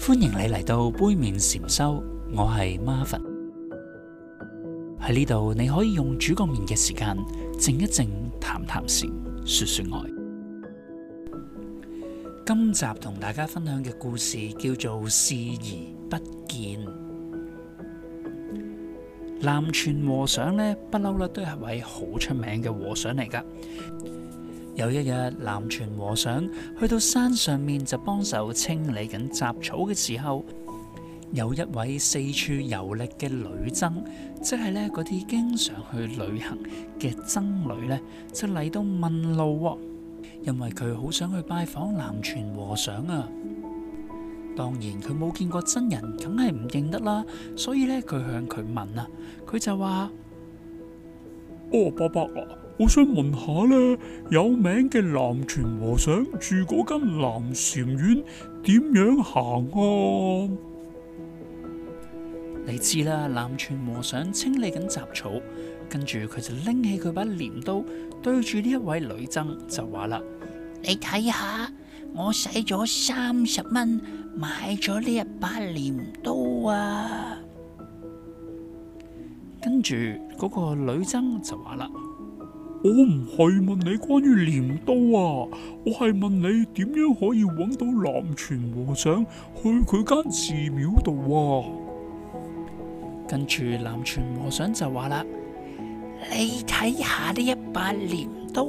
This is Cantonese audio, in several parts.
歡迎你嚟到杯麵禪修，我係 Marvin，喺呢度，你可以用煮個麵嘅時間靜一靜，談談禪，說說愛。今集同大家分享嘅故事叫做視而不見。南泉和尚呢，不嬲啦，都係位好出名嘅和尚嚟噶。有一日，南泉和尚去到山上面就幫手清理緊雜草嘅時候，有一位四處遊歷嘅女僧，即係呢嗰啲經常去旅行嘅僧侶，呢，就嚟到問路，因為佢好想去拜訪南泉和尚啊。當然佢冇見過真人，梗係唔認得啦，所以呢，佢向佢問啊，佢就話：哦，伯伯我想問下咧，有名嘅南泉和尚住嗰間南禪院點樣行啊？你知啦，南泉和尚清理緊雜草，跟住佢就拎起佢把鐮刀，對住呢一位旅僧就話啦：你睇下，我使咗三十蚊買咗呢一把鐮刀啊！跟住嗰個旅僧就話啦。我唔係問你關於鐮刀啊，我係問你點樣可以揾到南泉和尚去佢間寺廟度啊？跟住南泉和尚就話啦：你睇下呢一把鐮刀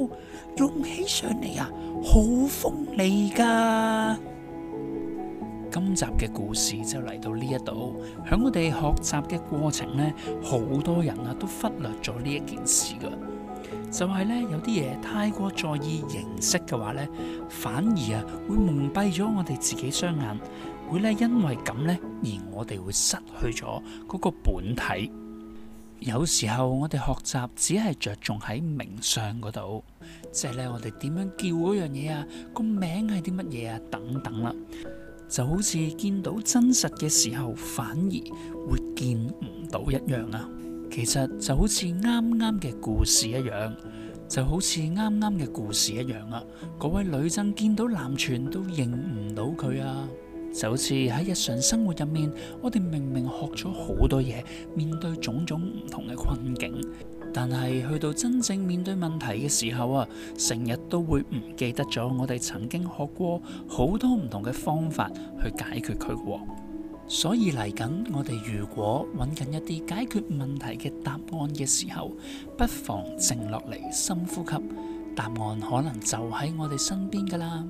用起上嚟啊，好鋒利噶！今集嘅故事就嚟到呢一度，喺我哋學習嘅過程呢，好多人啊都忽略咗呢一件事噶。就係咧，有啲嘢太過在意形式嘅話呢，反而啊會蒙蔽咗我哋自己雙眼，會咧因為咁呢，而我哋會失去咗嗰個本體。有時候我哋學習只係着重喺名相嗰度，即係咧我哋點樣叫嗰樣嘢啊，個名係啲乜嘢啊等等啦，就好似見到真實嘅時候反而會見唔到一樣啊！其實就好似啱啱嘅故事一樣，就好似啱啱嘅故事一樣啊！嗰位旅僧見到南泉都認唔到佢啊！就好似喺日常生活入面，我哋明明學咗好多嘢，面對種種唔同嘅困境，但係去到真正面對問題嘅時候啊，成日都會唔記得咗我哋曾經學過好多唔同嘅方法去解決佢啊。所以嚟緊，我哋如果揾緊一啲解決問題嘅答案嘅時候，不妨靜落嚟深呼吸，答案可能就喺我哋身邊㗎喇。